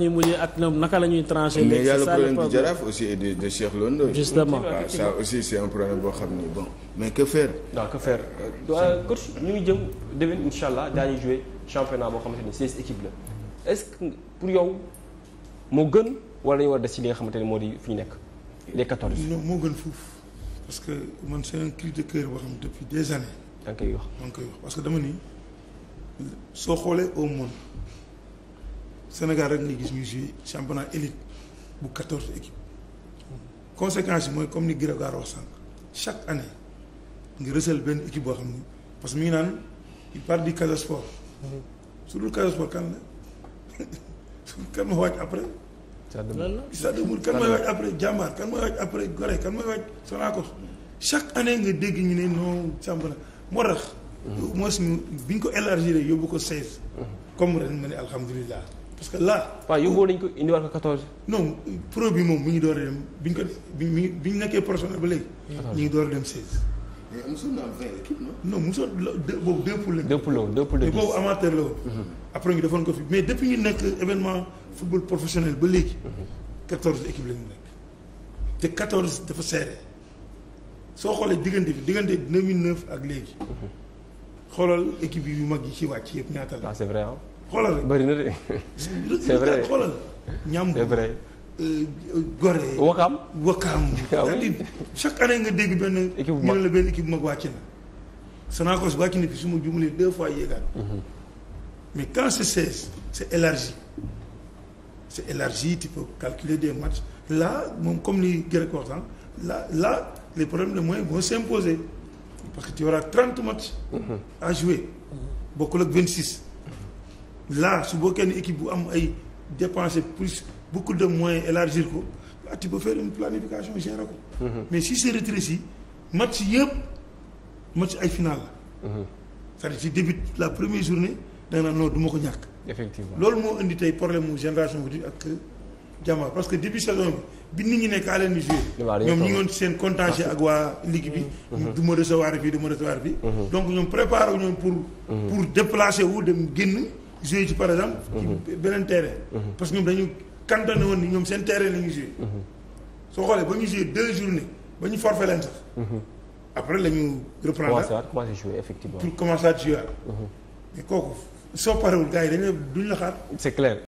ñuy mujjee ak naka la ñuy tranché. mais y a le problème du Jaraaf aussi et de de Cheikh Londo. justement waaw ah, ça aussi c' est un problème boo xam ni bon mais que faire. waaw que euh, euh, jëm déwén incha allah daañu joué championnat boo xamante ni seize équipes la est pour yow moo gën wala dañu war a des ci li nga xamante ne moo di fi ñu nekk les quatorze. non moo gën foofu parce que man c' est un cri de boo xam depuis des années. maa ngi koy wax maa ngi koy wax parce que dama ni soo xoolee au monde. Sénégal rek ngay gis ñuy joué championnat élite bu quatorze équipes conséquence mooy comme ni Grégoire wax sànq chaque année nga rësal benn équipe boo xam ni parce que mi ngi naan il part du Casa Sport su dul Casa Sport kan la ma waaj après. Stade Mbour kan mooy waaj après Jàmbaar kan mooy waaj après Gorée kan mooy waaj Sonacos chaque année nga dégg ñu ne non championnat moo tax. Mm-hmm. bi ñu ko élargir yóbbu ko seize. Mm-hmm. comme ren ma ne alhamdulilah. parce que là. waaw yóbbuwoon nañu ko indiwaat ko 14. non pro bi moom mi ngi door a dem bi ñu ko bi bi ñu nekkee professionnel ba léegi. ñu ngi door a dem 16. mais na am 20 équipe non non mosul boobu deux poules la. deux poules la boobu amateur la woon. Mhm. après ñu defoon ko fi mais depuis ñu nekk événement football professionnel ba léegi. 14 mhm. équipe la ñu nekk. te 14 dafa serré soo xoolee diggante bi diggante 2009 ak léegi. Mhm. xoolal équipe yu mag yi ci wàcc yëpp ñaata la. Ah, xoolal rek bëri na de. c'est vrai xoolal ñam. c'est vrai. Euh, Gorée. Wakaam Wakaam. chaque année nga dégg benn. équipe bu mag ne la benn équipe bu mag wàcc na. Sonacos wàcc na fi su ma jumlee deux fois yéegaat. Mhm. mais quand c'est seize c'est élargi. c'est élargi tu calculer des matchs la moom comme li Greg wax sànq la là les problèmes de boo vont s'imposer parce que tu auras trente matchs. Mhm. à jouer mhm. bokkul ak vingt six. là su bokkee ne équipe bu am ay dépenser plus beaucoup de moyen élargir ko ah tu peux faire une planification gérer ko. Mhm. mais si c'est rétréci match yëpp match ay final la. Mhm. cest à la première journée da nga naan non ma ko ñàkk. effectivement loolu moo indi tey problème mu génération bi ak Jàmbaar euh, parce que début saison bi bi nit ñi nekk à leen di ñoom ñi ngoon seen contentieux ak waa ligue bi. Mhm. du ma recevoir fii du ma recevoir fii. donc ñoom préparé wu ñoom pour. pour déplacer wu dem génn. joué ci par exemple. ci mhm. beneen terrain. Mhm. parce que ñoom dañu cantonné woon ni ñoom seen terrain la ñuy joué. Mhm. soo xoolee ba ñu joué deux journées ba ñu forfait leen sax. après la ñu reprendre. pour commencer à jouer kooku soo parewul gars yi dañu duñ la xaar.